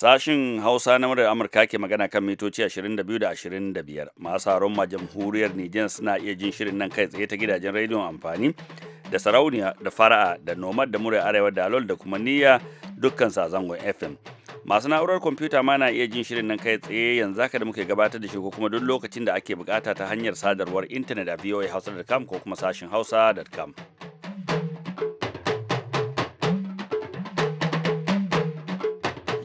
Sashin Hausa na murar Amurka ke magana kan mitoci 22 da 25. Masu haron ma jamhuriyar Nijar suna iya jin shirin nan kai tsaye ta gidajen rediyon amfani da sarauniya da fara'a da nomad da murar arewa da alol da kuma niyya dukkan zangon FM. Masu na'urar kwamfuta ma na iya jin shirin nan kai tsaye yanzu haka da muke gabatar da shi ko kuma duk lokacin da ake bukata ta hanyar sadarwar intanet a voahausa.com ko kuma sashin hausa.com.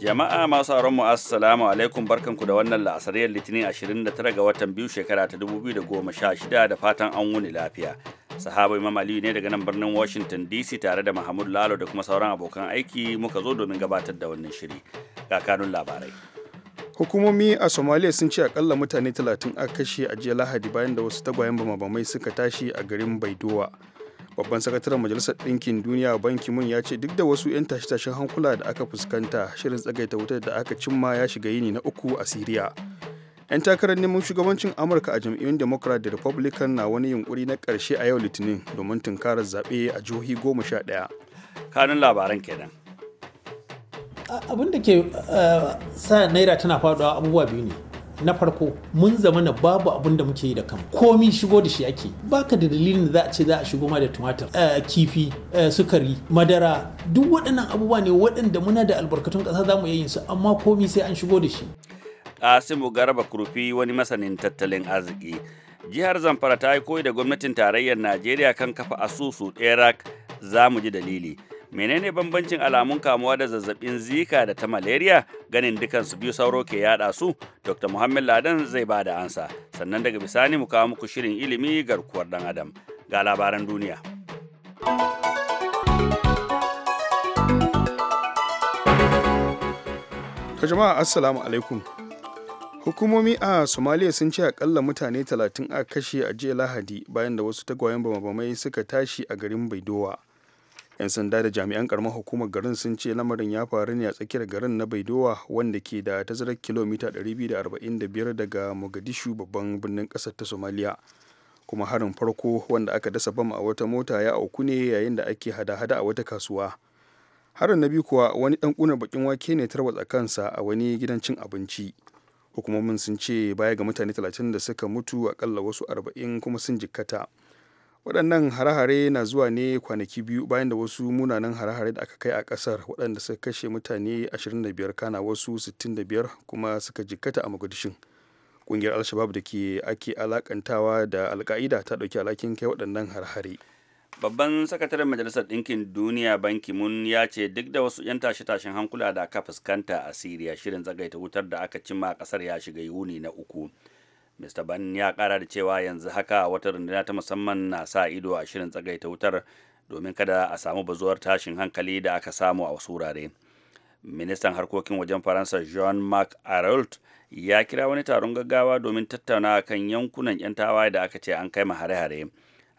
Jama'a masu mu assalamu alaikum barkanku da wannan la'asariyar litinin 29 ga watan biyu shekara ta 2016 da fatan an wuni lafiya. Sahaba Imam Aliyu ne daga nan birnin Washington DC tare da Mahmud Lalo da kuma sauran abokan aiki muka zo domin gabatar da wannan shiri. Ga kanun labarai. Hukumomi a Somalia sun ce akalla mutane 30 a kashe a jiya Lahadi bayan da wasu tagwayen bama-bamai suka tashi a garin Baidowa. babban sakataren majalisar ɗinkin duniya banki mun ya ce duk da wasu 'yan tashe-tashen hankula da aka fuskanta shirin tsagaita wutar da aka cimma ya shiga yini na uku a siriya 'yan takarar neman shugabancin amurka a jam'iyyun democrat da republican na wani yunkuri na ƙarshe a yau litinin domin tunkarar zaɓe a jihohi goma sha ɗaya kanun labaran kenan abin ke eh, sa naira tana faɗuwa abubuwa biyu ne na farko mun zama na babu abin da muke yi da kan komi shigo da shi ake baka da dalilin da za a ce za a shigo ma da tumatir eh, kifi eh, sukari madara duk waɗannan abubuwa ne waɗanda muna da albarkatun ƙasa za mu yin su amma komi sai an shigo da shi Asimu Garba Kurfi wani masanin tattalin arziki jihar Zamfara ta yi koyi da gwamnatin tarayyar Najeriya kan kafa asusu Iraq, za mu ji dalili menene bambancin alamun kamuwa da zazzabin zika da ta malaria ganin dukansu biyu sauro ke yada su dr muhammad ladan zai ba da ansa sannan daga bisani mu kawo muku shirin ilimi garkuwar dan adam ga labaran duniya jama'a assalamu alaikum hukumomi a somaliya sun ce akalla mutane 30 a kashe a jiya lahadi bayan da wasu tagwayen bamabamai suka tashi a garin baidowa 'yan sanda da jami'an karamar hukumar garin sun ce lamarin ya faru ne a tsakiyar garin na baidowa wanda ke da tazarar kilomita 245 daga mogadishu babban birnin kasar ta somaliya kuma harin farko wanda aka dasa bam a wata mota ya auku ne yayin da ake hada-hada a wata kasuwa harin na biyu kuwa wani dan kunar bakin wake ne tarwatsa kansa a wani gidan cin abinci hukumomin sun ce baya ga mutane 30 da suka mutu akalla wasu 40 kuma sun jikkata waɗannan hare na zuwa ne kwanaki biyu bayan da wasu munanan hare da aka kai a ƙasar waɗanda suka kashe mutane 25 kana wasu 65 kuma suka jikkata a mogadishin ƙungiyar al-shabab da ke ake alakantawa da alka'ida ta ɗauki alakin kai waɗannan hare babban sakataren majalisar ɗinkin duniya banki mun ya ce duk da wasu 'yan tashe-tashen hankula da aka fuskanta a siriya shirin zagaita wutar da aka cimma a ƙasar ya shiga yuni na uku mr ban ya kara da cewa yanzu haka wata runduna ta musamman na sa ido a shirin tsagaita wutar domin kada a samu bazuwar tashin hankali da aka samu a wasu wurare ministan harkokin wajen faransa jean marc arault ya kira wani taron gaggawa domin tattauna kan yankunan 'yan tawaye da aka ce an kai hare-hare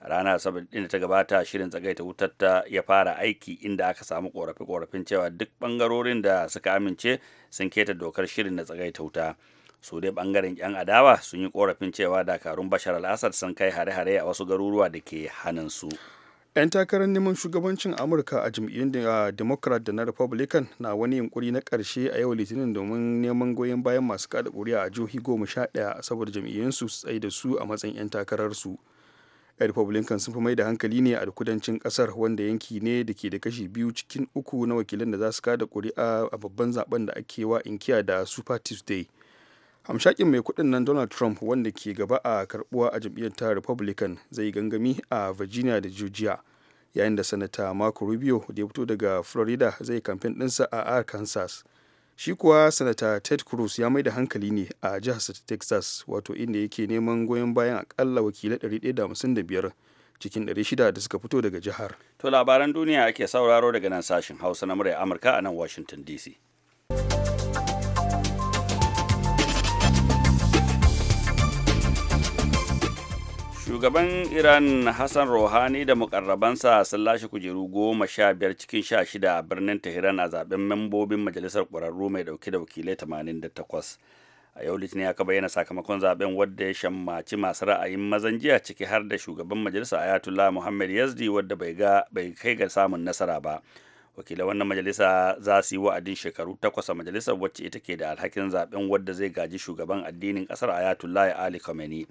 rana asabar da ta gabata shirin tsagaita wutar ta ya fara aiki inda aka samu korafe-korafin cewa duk bangarorin da suka amince sun keta dokar shirin na tsagaita wuta su dai bangaren yan adawa sun yi korafin cewa dakarun bashar al sun kai hare-hare a wasu garuruwa da ke hannun su yan takarar neman shugabancin amurka a jam'iyyun democrat da na republican na wani yunkuri na karshe a yau litinin domin neman goyon bayan masu kada kuri'a a jihohi goma sha daya saboda jam'iyyun su tsaye da su a matsayin yan su yan republican sun fi mai da hankali ne a kudancin kasar wanda yanki ne da ke da kashi biyu cikin uku na wakilan da za su kada kuri'a a babban zaben da ake wa inkiya da super tuesday hamshakin mai kudin nan donald trump wanda ke gaba a karbuwa a jam'iyyar ta republican zai gangami a virginia da georgia yayin da sanata marco rubio da ya fito daga florida zai kamfen dinsa a arkansas shi kuwa sanata ted cruz ya mai da hankali ne a jihar ta texas wato inda yake neman goyon bayan akalla wakilai 155 cikin 600 da suka fito daga jihar to labaran duniya ake sauraro daga nan sashen hausa na murya amurka a nan washington dc shugaban iran hassan rouhani da mukarrabansa sun lashe kujeru goma sha biyar cikin sha shida a birnin tehran a zaben membobin majalisar ƙwararru mai dauke da wakilai 88 a yau litinin aka bayyana sakamakon zaben wadda ya shammaci masu ra'ayin mazan jiya ciki har da shugaban majalisa ayatollah muhammad yazdi wadda bai ga bai kai ga samun nasara ba wakilai wannan majalisa za su yi wa'adin shekaru takwas a majalisar wacce ita ke da alhakin zaben wadda zai gaji shugaban addinin kasar ayatollah ali khamenei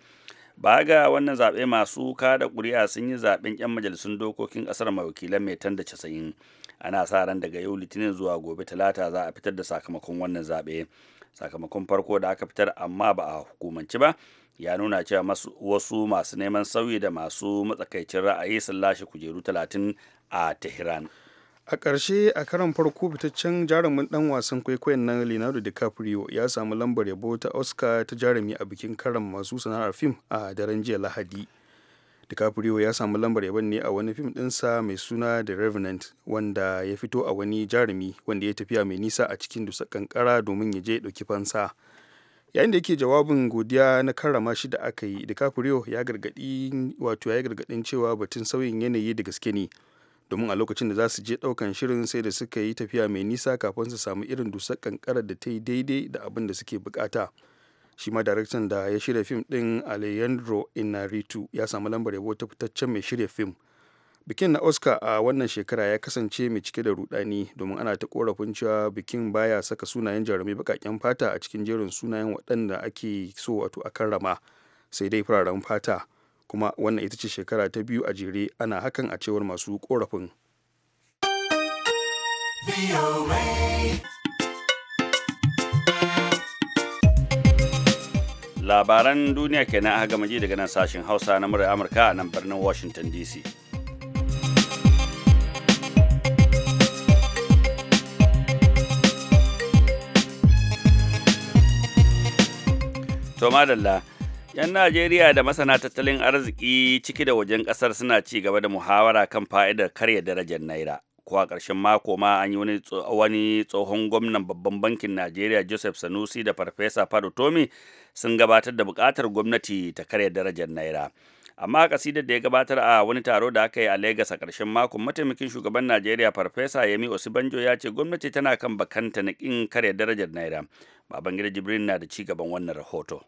ba ga wannan zaɓe masu kada ƙuri'a sun yi zaɓen 'yan majalisun dokokin ƙasar mawakilan mai tanda casa'in ana sa ran daga yau litinin zuwa gobe talata za a fitar da sakamakon wannan zaɓe sakamakon farko da aka fitar amma ba a hukumanci ba ya nuna cewa wasu masu neman sauyi da masu matsakaicin ra'ayi sun lashe kujeru talatin a tehran a ƙarshe a karon farko fitaccen jarumin ɗan wasan kwaikwayon nan leonardo dicaprio ya samu lambar yabo ta oscar ta jarumi a bikin karan masu sana'ar fim a daren jiya lahadi dicaprio ya samu lambar yabon ne a wani fim ɗinsa mai suna the revenant wanda ya fito a wani jarumi wanda ya tafiya mai nisa a cikin dusar kankara domin ya je ɗauki fansa yayin da yake jawabin godiya na karrama shi da aka yi dicaprio ya gargaɗi wato ya gargaɗin cewa batun sauyin yanayi da gaske ne domin a lokacin da za su je ɗaukan shirin sai da suka yi tafiya mai nisa kafin su samu irin dusar kankarar da ta yi daidai da abin da suke bukata shi ma daraktan da ya shirya fim ɗin alejandro inaritu ya samu lambar yabo ta fitaccen mai shirya fim bikin na oscar a wannan shekara ya kasance mai cike da rudani domin ana ta korafin cewa bikin baya saka sunayen jarumai bakaken fata a cikin jerin sunayen waɗanda ake so wato a karrama sai dai fararen fata kuma wannan ita ce shekara ta biyu a jere ana hakan a cewar masu korafin labaran duniya kenan aka gama ji daga nan sashen hausa na murar amurka a nan birnin washington dc to madalla 'Yan Najeriya da masana tattalin arziki ciki da wajen ƙasar suna ci gaba da muhawara kan fa'idar karya darajar Naira. Ko a ƙarshen mako ma an yi wani tsohon gwamnan babban bankin Najeriya Joseph Sanusi da Farfesa Fado Tomi sun gabatar da buƙatar gwamnati ta karya darajar Naira. amma ƙasidar da ya gabatar a wani taro da aka yi a Legas a ƙarshen mako mataimakin shugaban Najeriya Farfesa Yemi Osibanjo ya ce gwamnati tana kan bakanta na ƙin karya darajar Naira. Babangida Jibrin na da ci gaban wannan rahoto.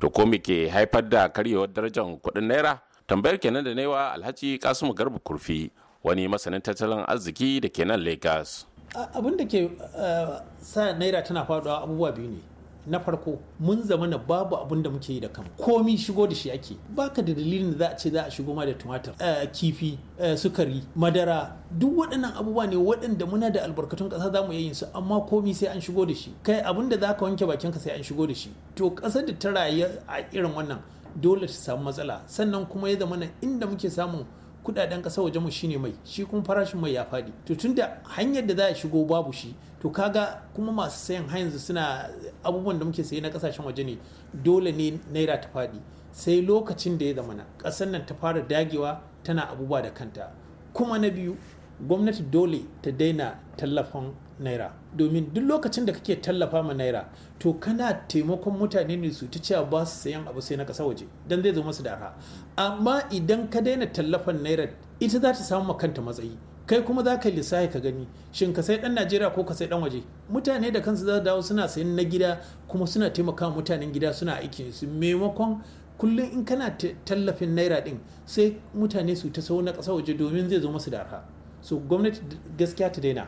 to ko ke haifar da karyewar darajar kuɗin naira tambayar kenan da naiwa alhaji kasimu garba kurfi wani masanin tattalin arziki da kenan nan lagos abin da ke eh, sa naira tana faduwa abubuwa biyu ne na farko mun zama na babu abun da muke yi da kanmu komi shigo da shi ake baka da dalilin da za a ce za a shigo ma da tumatir eh, kifi eh, sukari madara duk waɗannan abubuwa ne waɗanda muna da albarkatun ƙasa za mu yin su amma komi sai an shigo da shi kai abun da za ka wanke bakinka sai an shigo da shi to ƙasar da ta rayu a irin wannan dole ta samu matsala sannan kuma ya zama inda muke samun kudaden kasa waje mu shine mai shi kuma farashin mai ya fadi to tunda hanyar da za a shigo babu shi to kaga kuma masu sayan har yanzu suna abubuwan da muke sayi na kasashen waje ne dole ne naira ta fadi sai lokacin da ya zamana ƙasar nan ta fara dagewa tana abubuwa da kanta kuma na biyu gwamnati dole ta daina tallafin naira domin duk lokacin da kake tallafa ma naira to kana taimakon mutane ne su ta cewa ba su sayan abu sai na kasa waje dan zai zo musu da arha amma idan ka daina tallafan naira ita za ta samu kanta matsayi kai kuma za ka lissafi ka gani shin ka sai dan najeriya ko ka sai dan waje mutane da kansu za su dawo suna sayan na gida kuma suna taimaka mutanen gida suna aikin su maimakon kullum in kana tallafin naira din sai mutane su ta sau na kasa waje domin zai zo masu da arha so gwamnati gaskiya ta daina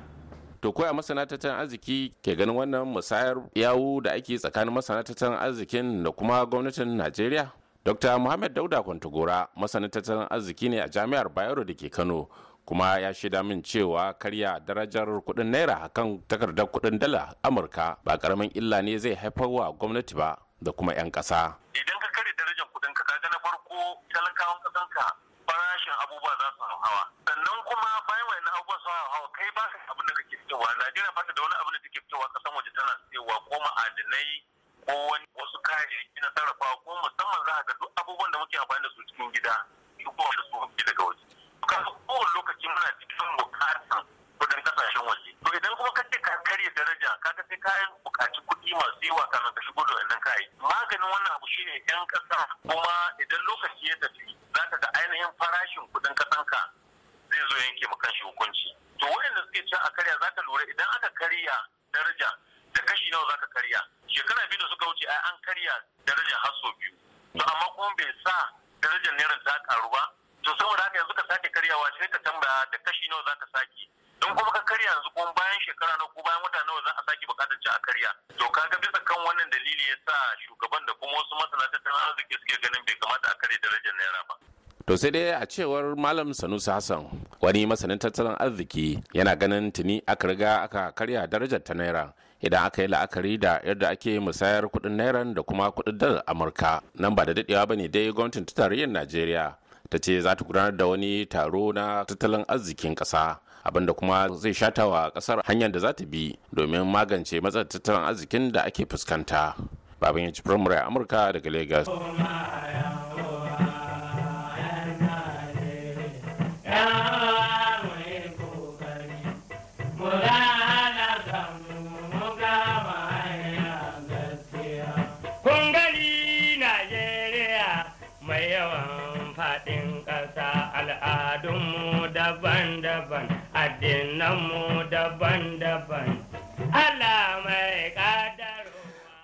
to koya masana tattalin arziki ke ganin wannan musayar yawu da ake tsakanin masana tattalin arzikin da kuma gwamnatin najeriya dr muhammad dauda kwantagora masanin tattalin arziki ne a jami'ar bayero da ke kano kuma ya shaida min cewa karya darajar kudin naira kan takardar kudin dala amurka ba karamin illa ne zai haifar wa gwamnati ba da kuma 'yan kasa idan ka karya darajar kudin ka na farko talakawan kasanka farashin abubuwa za su hawa sannan kuma bayan wayannan abubuwa su hawa kai ba ka abin da kake fitowa najeriya ba ta da wani abin da take fitowa kasan waje tana fitowa ko ma'adinai ko wani wasu kayayyaki na sarrafawa ko musamman za a ga duk abubuwan da muke amfani da su cikin gida duk ba su fi daga waje kasu kowane lokaci muna cikin bukatan kudin kasashen waje to idan kuma ka ce ka karya daraja ga sai ka bukaci kuɗi masu yawa kana ka shigo da wannan kayayyaki maganin wannan abu shine yan ƙasa kuma idan lokaci ya tafi zai yanke ma kanshi hukunci to waɗanda suke can a karya zaka lura idan aka karya daraja da kashi nawa zaka karya shekara biyu da suka wuce ai an karya darajar har sau biyu to amma kuma bai sa darajar naira ta karu ba to saboda haka yanzu ka sake karyawa sai ka tambaya da kashi nawa zaka sake don kuma ka karya yanzu kuma bayan shekara na ko bayan wata nawa za a sake bukatar ci a karya to ga bisa kan wannan dalili ya sa shugaban da kuma wasu masana tattalin arziki suke ganin bai kamata a karya darajar naira ba to sai dai a cewar malam sanusi hassan wani masanin tattalin arziki yana ganin tuni aka riga aka karya darajar ta naira idan aka yi la'akari da yadda ake musayar kuɗin nairan da kuma kuɗin dalar amurka nan ba da daɗewa ba ne dai gwamnatin ta tarayyar najeriya ta ce za ta gudanar da wani taro na tattalin arzikin ƙasa abinda kuma zai shata wa ƙasar hanyar da za ta bi domin magance matsalar tattalin arzikin da ake fuskanta babin Yanci ci firamare amurka daga lagos oh, ɗinnan daban-daban. Allah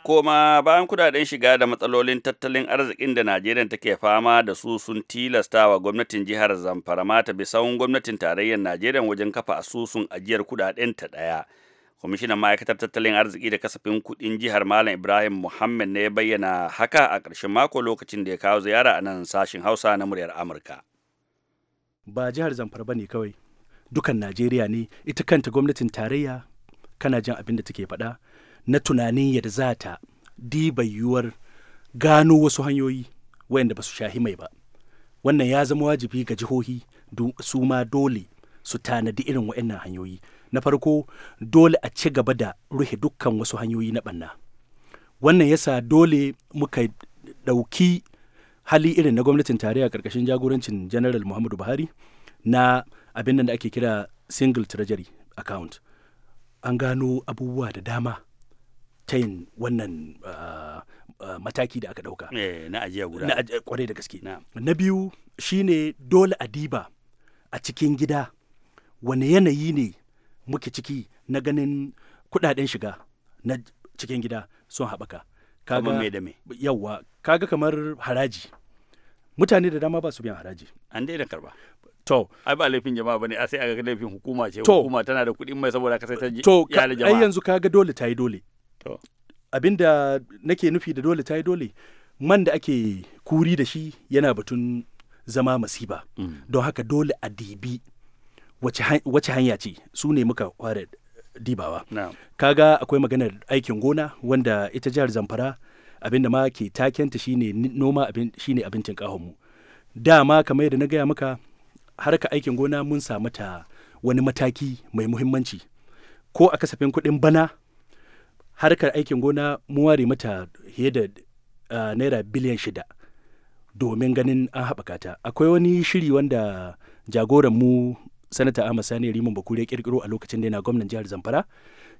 Koma bayan kudaden shiga da matsalolin tattalin arzikin da Najeriya take fama da su sun tilasta wa gwamnatin jihar Zamfara mata bisan gwamnatin tarayyar Najeriya wajen kafa asusun ajiyar kudaden ta ɗaya. Kwamishinan ma'aikatar tattalin arziki da kasafin kuɗin jihar Malam Ibrahim Muhammad ne ya bayyana haka a ƙarshen mako lokacin da ya kawo ziyara a nan sashin Hausa na muryar Amurka. Ba jihar Zamfara ba ne kawai, dukan najeriya ne ita kanta gwamnatin tarayya kana jin abin da take faɗa na tunanin yadda za ta diba yiwuwar gano wasu hanyoyi wayanda ba su shahi mai ba wannan ya zama wajibi ga jihohi su ma dole su tanadi irin waɗannan hanyoyi na farko dole a ci gaba da rufe dukkan wasu hanyoyi na banna wannan yasa dole muka ɗauki hali irin na gwamnatin tarayya ƙarƙashin jagorancin janaral muhammadu buhari na abin da ake kira single treasury account an gano abubuwa da dama ta yin wannan ah, ah, mataki da aka dauka eh, na ajiya guda na aj kwarai da gaske na, na biyu shine dole a diba a cikin gida wani yanayi ne muke ciki na ganin kudaden shiga na cikin gida sun haɓaka kaga me da me yawa kaga kamar haraji mutane da dama ba su biyan haraji an daina karba to ai ba laifin jama'a bane a sai aga laifin hukuma ce hukuma tana da kuɗin mai saboda ka sai ta to ai yanzu kaga dole ta yi dole to abinda nake nufi da dole ta yi dole man da ake kuri da shi yana batun zama masiba mm. don haka dole a dibi wace hanya ce su ne muka kware dibawa kaga akwai maganar aikin gona wanda ita jihar zamfara abinda ma ke takenta shine noma abin, shine abincin kahonmu dama kamar yadda na gaya maka harka aikin gona mun samu ta wani mataki mai muhimmanci ko a kasafin kuɗin bana harkar aikin gona mu ware mata fiye da naira biliyan shida domin ganin an haɓaka ta akwai wani shiri wanda jagoran mu sanata ahmad sani rimin bakuri ya kirkiro a lokacin da yana gwamnan jihar zamfara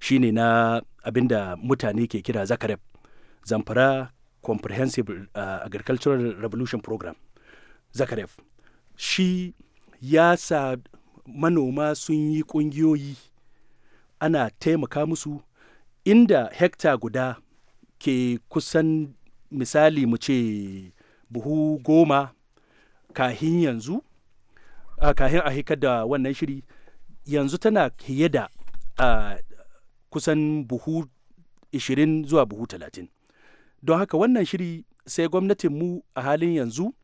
shine na abinda mutane ke kira zakaref zamfara comprehensive agricultural revolution program zakaref shi ya sa manoma sun yi ƙungiyoyi ana taimaka musu inda hekta guda ke kusan misali mu ce buhu goma kahin yanzu a kahin a da wannan shiri yanzu tana fiye da kusan buhu 20 zuwa buhu 30 don haka wannan shiri sai gwamnatinmu a halin yanzu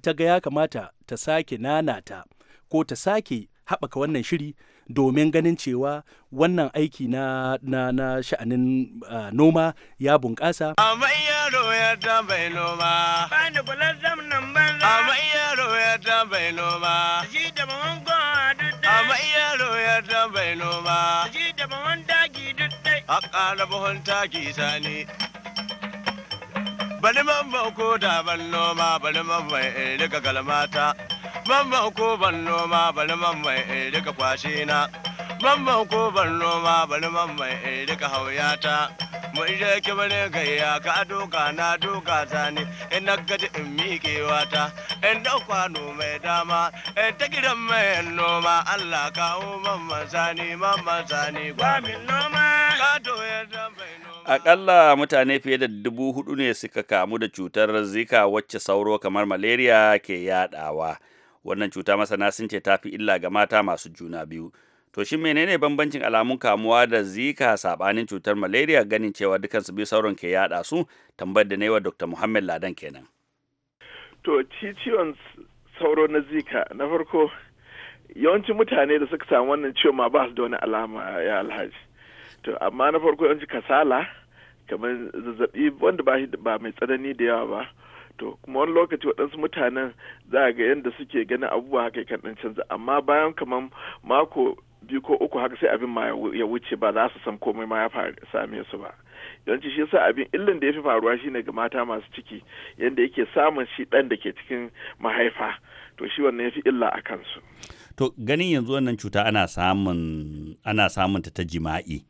ta ga ya kamata ta sake nanata ko ta sake haɓaka wannan shiri domin ganin cewa wannan aiki na, na, na sha'anin uh, noma ya bunƙasa. Amai yaro ya tambayi noma. Bani kular dam nan Amai yaro ya tambayi noma. Ji da mawan gwa dudde. Amai yaro ya tambayi noma. Ji da mawan dagi dudde. Haƙa da buhun taki sani. bari mamman ko da ban noma bari mamman in rika kalmata mamman ko ban noma bari mamman in rika kwashe na mamman ko ban noma bari mamman in rika hauyata mu ije ki bari gayya ka doka na doka zani in na gaji in miƙewa wata in da kwano mai dama in ta gidan mai noma Allah kawo mamman sani mamman sani gwamin noma ka to yadda mai noma akalla mutane fiye da dubu hudu ne suka kamu da cutar zika wacce sauro kamar malaria ke yadawa. Wannan cuta masana sun ce ta fi illa ga mata masu juna biyu. To shin menene bambancin alamun kamuwa da zika sabanin cutar malaria ganin cewa dukansu biyu sauron ke yada su tambayar da Dr. Muhammad Ladan kenan. To ciwon sauro na zika na farko yawancin mutane da suka samu wannan ciwon ma ba su da wani alama ya alhaji. To amma na farko yawanci kasala kamar zazzabi wanda ba mai tsanani da yawa ba to kuma wani lokaci waɗansu mutanen za a ga yadda suke ganin abubuwa haka kan ɗan canza amma bayan kamar mako biyu ko uku haka sai abin ma ya wuce ba za su san komai ma ya same su ba yawanci shi yasa abin illan da ya fi faruwa shine ga mata masu ciki yadda yake samun shi ɗan da ke cikin mahaifa to shi wannan ya fi illa a kansu to ganin yanzu wannan cuta ana samun ta jima'i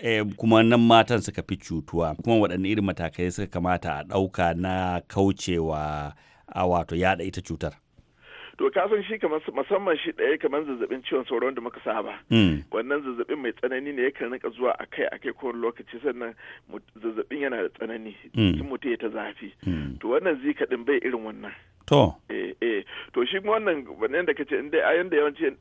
eh, kuma nan matan suka fi cutuwa kuma waɗanne irin matakai suka kamata a ɗauka na kaucewa a wato yada ita cutar to kafin shi kamar musamman shi ɗaya kamar zazzabin ciwon sauro da muka saba mm. wannan zazzabin mai tsanani ne yakan rika zuwa akai akai kowane lokaci sannan zazzabin yana da tsanani sun mm. ya ta zafi mm. to wannan zika din bai irin wannan To. Eh, eh. To shi kuma wannan wannan da kace inda yanda yawanci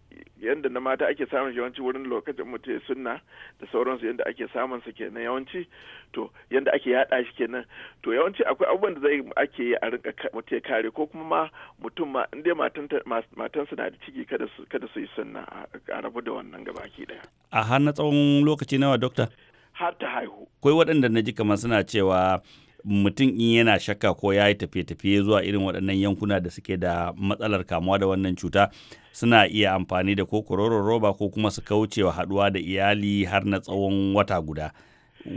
yanda na mata ake samun shi yawanci wurin lokacin mutum sunna da sauransu yanda ake samun su kenan yawanci to yanda ake yada shi kenan to yawanci akwai abubuwan da zai ake yi a rinka mutum kare ko kuma ma mutum ma inda matan matan na da ciki kada su kada su yi sunna a rabu da wannan gabaki daya. A har na tsawon lokaci nawa dokta? Har ta haihu. Akwai waɗanda na ji kamar suna cewa mutum in yana shakka ko ya yi tafiye-tafiye zuwa irin waɗannan yankuna da suke da matsalar kamuwa da wannan cuta suna iya amfani da ko kororon roba ko kuma su kaucewa haɗuwa da iyali har na tsawon wata guda.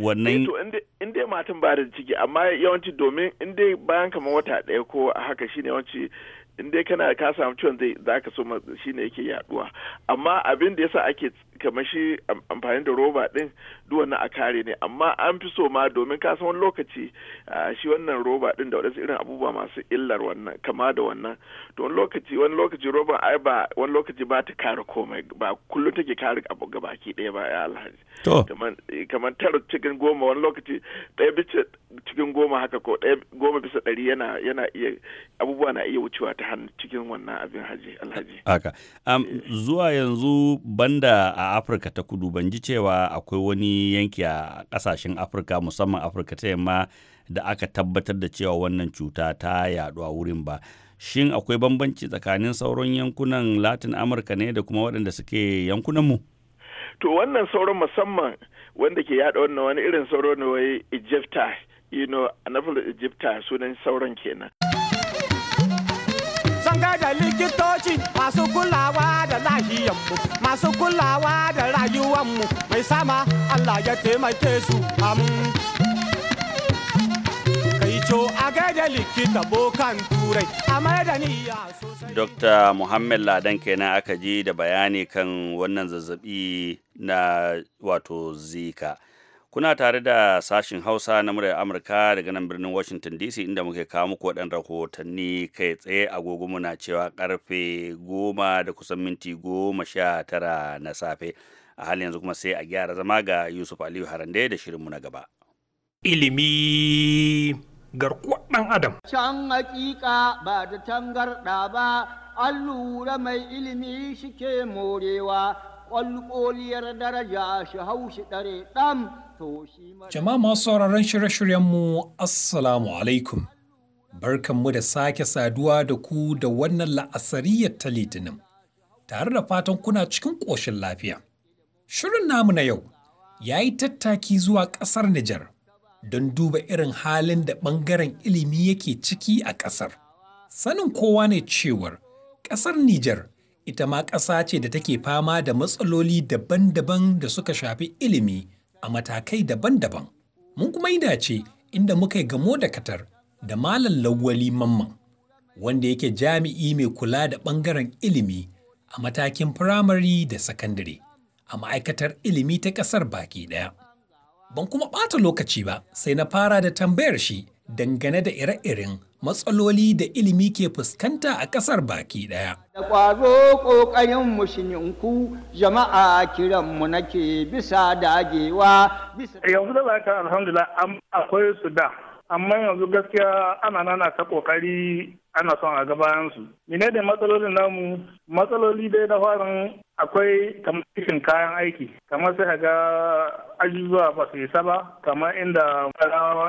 wannan eh in dai matan ba da ciki amma yawanci domin in dai bayan kamar wata ɗaya ko haka shine yawanci in dai kana ka samu ciwon zai za ka so shi ne yake yaduwa amma abin da yasa ake kamar shi amfani da roba din duk wannan a kare ne amma an fi so ma domin ka san wani lokaci shi wannan roba din da wadansu irin abubuwa masu illar wannan kama da wannan to wani lokaci wani lokaci roba ai ba wani lokaci ba ta kare komai ba kullum take kare abu gabaki daya ba ya alhaji kamar eh, tara cikin goma wani lokaci ɗaya bice cikin goma haka ko ɗaya goma bisa ɗari yana yana iya abubuwa na iya wucewa ta hannu cikin wannan abin haji alhaji. Haka. Um, zuwa yanzu banda a Afirka ta kudu ban ji cewa akwai wani yanki a ƙasashen Afirka musamman Afirka ta yamma da aka tabbatar da cewa wannan cuta ta yaɗu a wurin ba. Shin akwai bambanci tsakanin sauran yankunan Latin Amurka ne da kuma waɗanda suke yankunanmu? To wannan sauran musamman wanda ke yaɗa wannan wani irin sauro ne wai Egypta you know annabi egypta sunan sauran kenan sun da likitoci masu kulawa da lahiyanmu masu kulawa da rayuwanmu mai sama Allah ya taimake su am co likita bokan turai a sosai dr muhammad ladan kenan aka ji da bayani kan wannan zazzabi na wato zika Kuna tare da sashin Hausa na muryar Amurka daga nan birnin Washington DC inda muke kawo muku waɗannan rahotanni kai tsaye agogo muna cewa karfe goma da kusan minti goma sha tara na safe. A halin yanzu kuma sai a gyara zama ga Yusuf Aliyu Harande da shirinmu na gaba. Ilimi garkuwar ɗan Adam. Can hakika ba da tangarɗa ba, an lura mai ilimi shike morewa kwalkoliyar daraja shi haushi ɗare to shi Jama'a masu sauraron shirye-shiryenmu Assalamu alaikum. Barkanmu da sake saduwa da ku da wannan la'asariyar ta litinin, tare da fatan kuna cikin ƙoshin lafiya. Shirin namu na yau ya yi tattaki zuwa ƙasar Nijar don duba irin halin da ɓangaren ilimi yake ciki a ƙasar. Sanin kowa ne cewar ƙasar Nijar ita ma ƙasa ce da take fama da matsaloli daban-daban da suka shafi ilimi a matakai daban-daban. Mun kuma yi dace inda muka yi gamo da Katar da Malam Lawwali Mamman, wanda yake jami'i mai kula da ɓangaren ilimi a matakin firamare da sakandare a ma'aikatar ilimi ta ƙasar baki ɗaya. Ban kuma ɓata lokaci ba sai na fara da tambayar shi dangane da ire-iren matsaloli da ilimi ke fuskanta a ƙasar baki ɗaya. Da ƙwazo ƙoƙarin mushininku jama'a kiranmu nake bisa dagewa Yanzu da zaka alhamdulillah akwai su da amma yanzu gaskiya ana nana ta ƙoƙari ana son a su. Mine da matsalolin namu matsaloli dai da farin akwai kamfishin kayan aiki kamar sai ga ajujuwa ba su isa ba kamar inda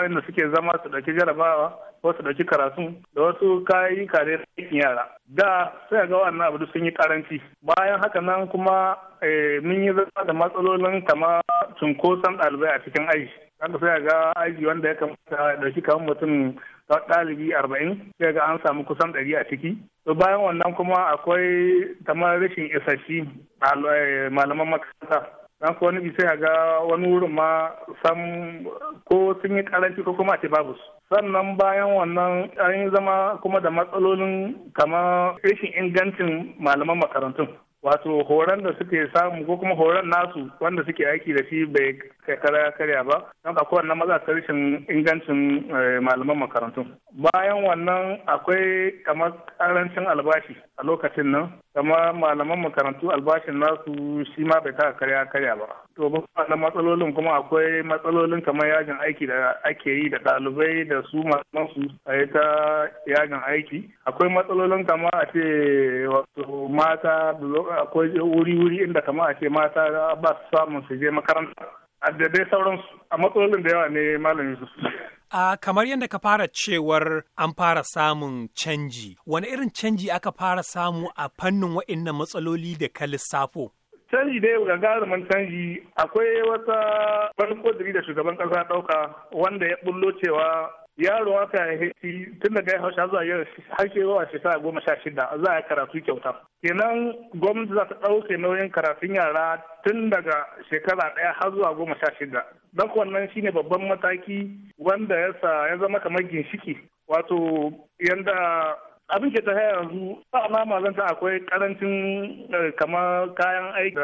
inda suke zama su ɗauki jarabawa wasu ɗauki karatu da wasu kayi kare aikin yara da sai ga wannan abu sun yi karanci bayan haka nan kuma eh, mun yi zama da matsalolin kama cunkoson ɗalibai a cikin aji Aka sai ga aji wanda ya kamata ɗauki kamar mutum ɗalibi arba'in sai ga an samu kusan ɗari a ciki to bayan wannan kuma akwai kamar rashin isasshi eh, malaman makaranta na ko wani bisa ga wani wurin ma san ko sun yi karanci ko kuma ce babu su sannan bayan wannan an yi zama kuma da matsalolin kamar rashin ingancin malaman makarantun wato horon da suke samu ko kuma horon nasu wanda suke aiki da shi bai karya karya ba don ka wannan maza rashin ingancin eh, malaman makarantun bayan wannan akwai kamar karancin albashi a lokacin nan kama malaman makarantu albashin nasu shi ma bai taka karya karya ba to ba matsalolin kuma akwai matsalolin kamar yajin aiki da ake yi da ɗalibai da su masu su a ta yajin aiki akwai matsalolin kama a ce wato mata akwai wuri wuri inda kama a ce mata ba su samun su je makaranta da dai sauransu a matsalolin da yawa ne malaminsu. a kamar yadda ka fara cewar an fara samun canji wani irin canji aka fara samu a fannin wa'innan matsaloli da ka lissafo canji dai gagarumin canji akwai wata wani kodiri da shugaban ƙasa ɗauka, wanda ya bullo cewa yaro aka haifi tun da kai hausa zuwa yau har ke zuwa shekara goma sha shida za a karatu kyauta kenan gwamnati za ta ɗauke nauyin karatun yara tun daga shekara ɗaya har zuwa goma sha shida don wannan shine babban mataki wanda ya ya zama kamar ginshiki wato yanda abin ke ta yanzu ba na zan ta akwai karancin eh, kamar kayan aiki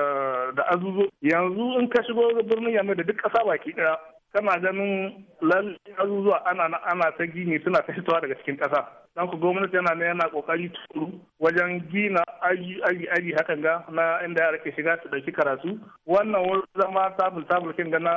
da azuzo yanzu in ka shigo birnin yamma da duk ƙasa baki ɗaya kana ganin lalle azuzuwa ana ana ta gini suna ta fitowa daga cikin ƙasa dan ku gwamnati yana ne yana kokari turu wajen gina aji aji aji hakan ga na inda ya ke shiga su dauki karatu wannan zama tabul tabul kin ga na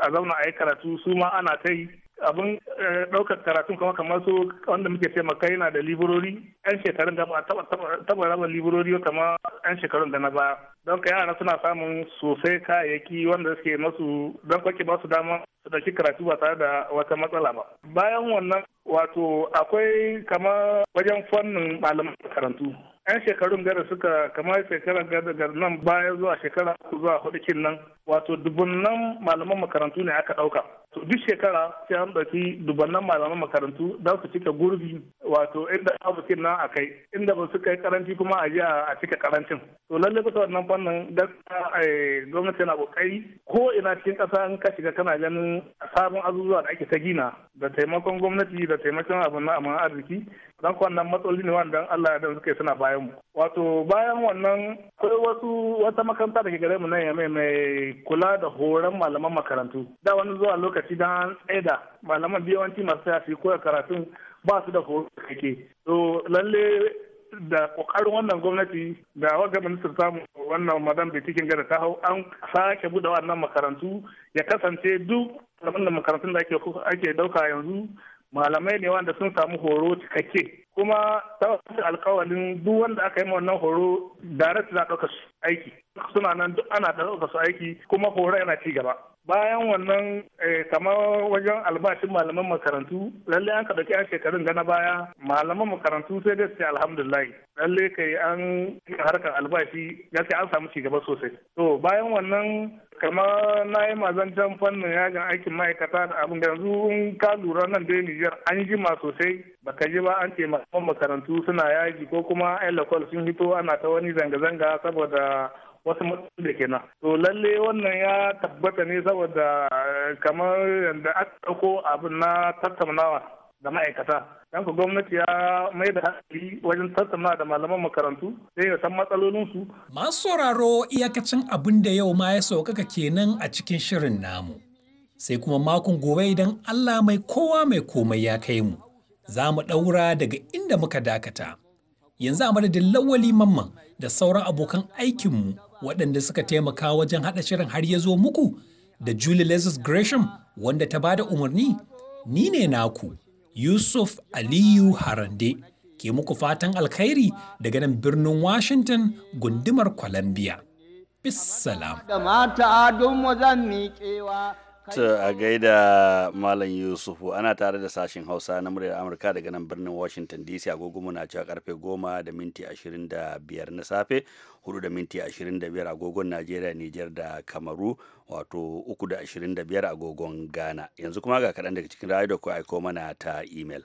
a zauna a yi karatu su ma ana ta abin eh, ɗaukar karatun kuma kamar su wanda muke ce maka yana da liburori yan shekarun da ba taba raba liburori kama yan shekarun da na ba don ka yara suna samun sosai kayayyaki wanda suke masu don kwaki ba su dama su ɗauki karatu ba tare da wata matsala ba bayan wannan wato akwai kama wajen fannin malaman makarantu yan shekarun gara suka kama shekarar gara nan baya zuwa shekara zuwa hudu nan wato dubunnan malaman makarantu ne aka ɗauka to duk shekara sai an ɗauki dubannan malaman makarantu za su cika gurbi wato inda babu nan a kai inda ba su kai karanci kuma a ji a cika karancin to lalle bisa wannan fannin gaskiya eh, gwamnati na kokari ko ina cikin ƙasa in ka shiga kana ganin sabon azuzuwa da ake ta gina da taimakon gwamnati da taimakon abin na arziki dan wannan matsaloli ne wanda Allah ya dan suka suna bayan mu wato bayan wannan akwai wasu wata makaranta da ke gare mu nan ya mai mai kula da horon malaman makarantu da wani zuwa lokaci da an tsaida malaman wanti masu tafi koya karatun ba su da horo kake to lalle da kokarin wannan gwamnati da waga ministan samu wannan madam cikin gada ta hau an sake buɗe wannan makarantu ya kasance duk da makarantun da ake dauka yanzu malamai ne wanda sun samu horo cikakke kuma ta wasu alkawalin duk wanda aka yi ma wannan horo direct za a ɗauka aiki suna nan duk ana da ɗauka su aiki kuma horo yana ci gaba bayan wannan eh, kamar wajen albashin malaman makarantu lalle an ka ɗauki an shekarun gana baya malaman makarantu sai su alhamdulillah lalle kai an harkar albashi ya sai an samu cigaba sosai to bayan wannan kamar na yi mazancan fannin yajin aikin ma'aikata da abin yanzu in ka lura nan dai Nijar an ji ma sosai baka ji ba an ce malaman makarantu suna yaji ko kuma ayyukan sun hito ana ta wani zanga-zanga saboda wasu da kenan to lalle wannan ya tabbata ne saboda eh, kamar yadda aka ɗauko abin na tattaunawa da ma'aikata don ku gwamnati ya mai da hankali wajen tattauna da malaman makarantu sai ya san matsalolinsu. Masu sauraro iyakacin abin da yau ma ya sauƙaƙa kenan a cikin shirin namu. Sai kuma makon gobe idan Allah mai kowa mai komai ya kai mu. Za mu ɗaura daga inda muka dakata. Yanzu a madadin lawali mamman da sauran abokan aikinmu waɗanda suka taimaka wajen haɗa shirin har ya zo muku da Julie Lazarus Gresham wanda ta bada umarni, ni ne naku Yusuf Aliyu Harande ke muku fatan alkhairi daga nan birnin Washington gundumar Columbia. Bissalam. To a gaida Malam Yusufu ana tare da sashen Hausa na muryar Amurka daga nan birnin Washington DC agogo na cewa karfe 10 da minti 25 na safe, 4 da minti 25 agogon Najeriya, Nijar da Kamaru, wato 3 da 25 agogon Ghana. Yanzu kuma ga kaɗan daga cikin rayu da ku aiko mana ta email.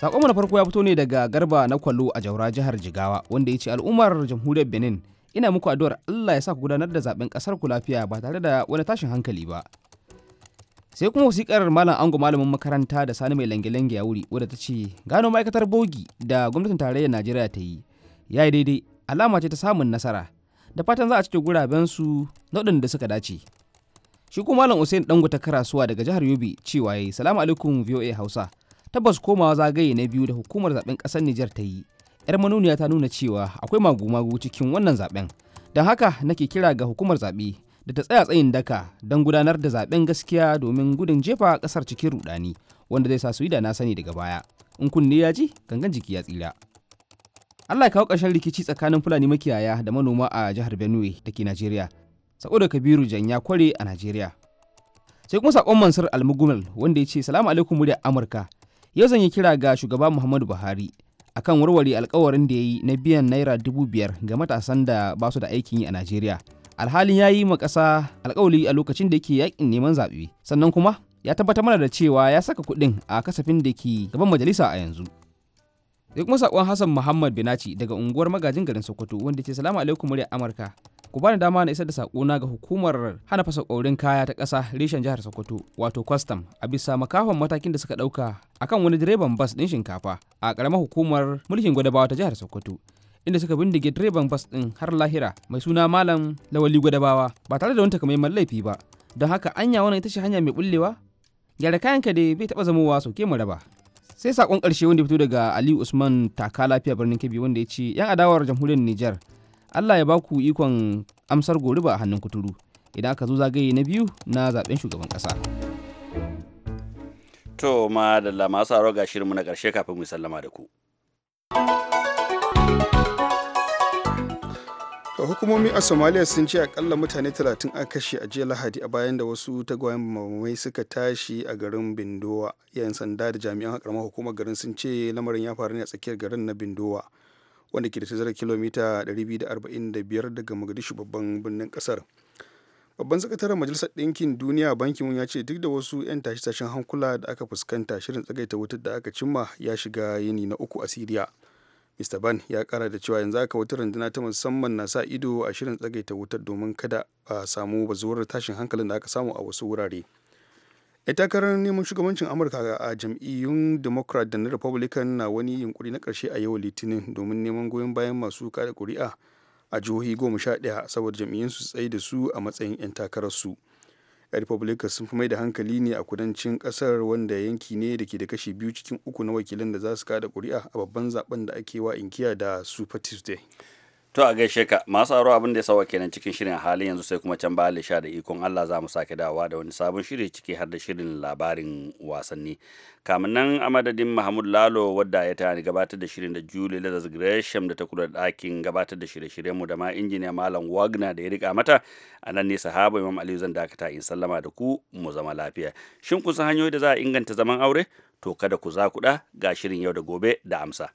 Sakonmu na farko ya fito ne daga Garba na Kwallo a Jaura jihar Jigawa wanda ya ce al'ummar jamhuriyar Benin ina muku addu'ar Allah ya sa ku gudanar da zaben kasar ku lafiya ba tare da wani tashin hankali ba sai kuma wasikar malam ango malamin makaranta da sani mai lange-lange ya wuri wadda ta ce gano ma'aikatar bogi da gwamnatin tarayyar najeriya ta yi ya yi daidai alama ce ta samun nasara da fatan za a cike guraben su naɗin da suka dace shi kuma malam usain dan ta karasuwa daga jihar yobe cewa ya yi salamu alaikum voa hausa tabbas komawa zagaye na biyu da hukumar zaben ƙasar Nijar ta yi 'yar manuniya ta nuna cewa akwai magu-magu cikin wannan zaben don haka nake kira ga hukumar zaɓe da ta tsaya tsayin daka don gudanar da zaben gaskiya domin gudun jefa ƙasar cikin rudani wanda zai sa su yi da na sani daga baya in kunne ya ji gangan jiki ya tsira Allah kawo ƙarshen rikici tsakanin Fulani makiyaya da manoma a jihar Benue da ke Najeriya saboda Kabiru Jan ya kware a Najeriya sai kuma sakon Mansur Almugumal wanda ya ce salamu alaikum muryar Amurka yau zan yi kira ga shugaba Muhammadu Buhari akan warware alkawarin da ya yi na biyan naira dubu biyar ga matasan da ba su da aikin yi a najeriya alhalin ya yi ma ƙasa alkawari a lokacin da yake yakin neman zaɓe sannan kuma ya tabbatar mana da cewa ya saka kuɗin a kasafin da ke gaban majalisa a yanzu sai kuma hassan muhammad binaci daga unguwar magajin garin sokoto wanda ke salamu alaikum muryar amurka ku bani dama na isar da sakona ga hukumar hana fasa kaurin kaya ta ƙasa reshen jihar sokoto wato Custom a bisa makafan matakin da suka ɗauka akan wani direban bas ɗin shinkafa a ƙaramar hukumar mulkin gwadabawa ta jihar sokoto inda suka bindige direban bas ɗin har lahira mai suna malam lawali gwadabawa ba tare da wani takamaiman laifi ba don haka anya wannan ita ce hanya mai bullewa gyara kayanka dai bai taɓa zamowa sauke mu raba sai sakon karshe wanda fito daga ali usman taka lafiya birnin kebbi wanda ya ce yan adawar jamhuriyar niger allah ya baku ikon amsar goruba a hannun kuturu idan aka zo zagaye na biyu na zaben shugaban kasa to ma da lama aro ga shirinmu na karshe kafin mu sallama da ku hukumomi a somaliya sun ce akalla mutane 30 an kashe a jiya lahadi a bayan da wasu tagwayen mamamai suka tashi a garin bindowa yayin sanda da jami'an karamar hukumar garin sun ce lamarin ya faru ne a tsakiyar garin na bindowa wanda ke da tazarar kilomita 245 daga mogadishu babban birnin kasar babban sakataren majalisar ɗinkin duniya bankin ya ce duk da wasu 'yan tashe-tashen hankula da aka fuskanta shirin tsagaita wutar da aka cimma ya shiga yini na uku a siriya mr ban ya kara da cewa yanzu haka wata rundunar ta musamman na sa ido a shirin tsagaita wutar domin kada a samu bazuwar tashin hankalin da aka samu a wasu wurare a takarar neman shugabancin amurka a jam'iyyun democrat da na republican na wani yunkuri na karshe a yau litinin domin neman goyon bayan masu kada kuri'a a jihohi goma sha daya saboda jam'iyyun su tsaye da su a matsayin 'yan takararsu 'yan sun fi mai da hankali ne a kudancin kasar wanda yanki ne da ke da kashi biyu cikin uku na wakilan da za su kada kuri'a a babban zaben da ake wa inkiya da super tuesday To a gaishe ka masu aro abin da ya sawa kenan cikin shirin halin yanzu sai kuma can ba sha da ikon Allah za mu sake dawowa da wani sabon shiri ciki har da shirin labarin wasanni. Kamin nan a madadin Mahmud Lalo wadda ya tani gabatar da shirin da Julie Lazarus Gresham da ta kula da ɗakin gabatar da shirye-shiryen mu da ma injiniya Malam Wagner da ya rika mata a nan ne sahaba Imam Aliyu zan dakata in sallama da ku mu zama lafiya. Shin kun san hanyoyi da za a inganta zaman aure? To kada ku zakuɗa ga shirin yau da gobe da amsa.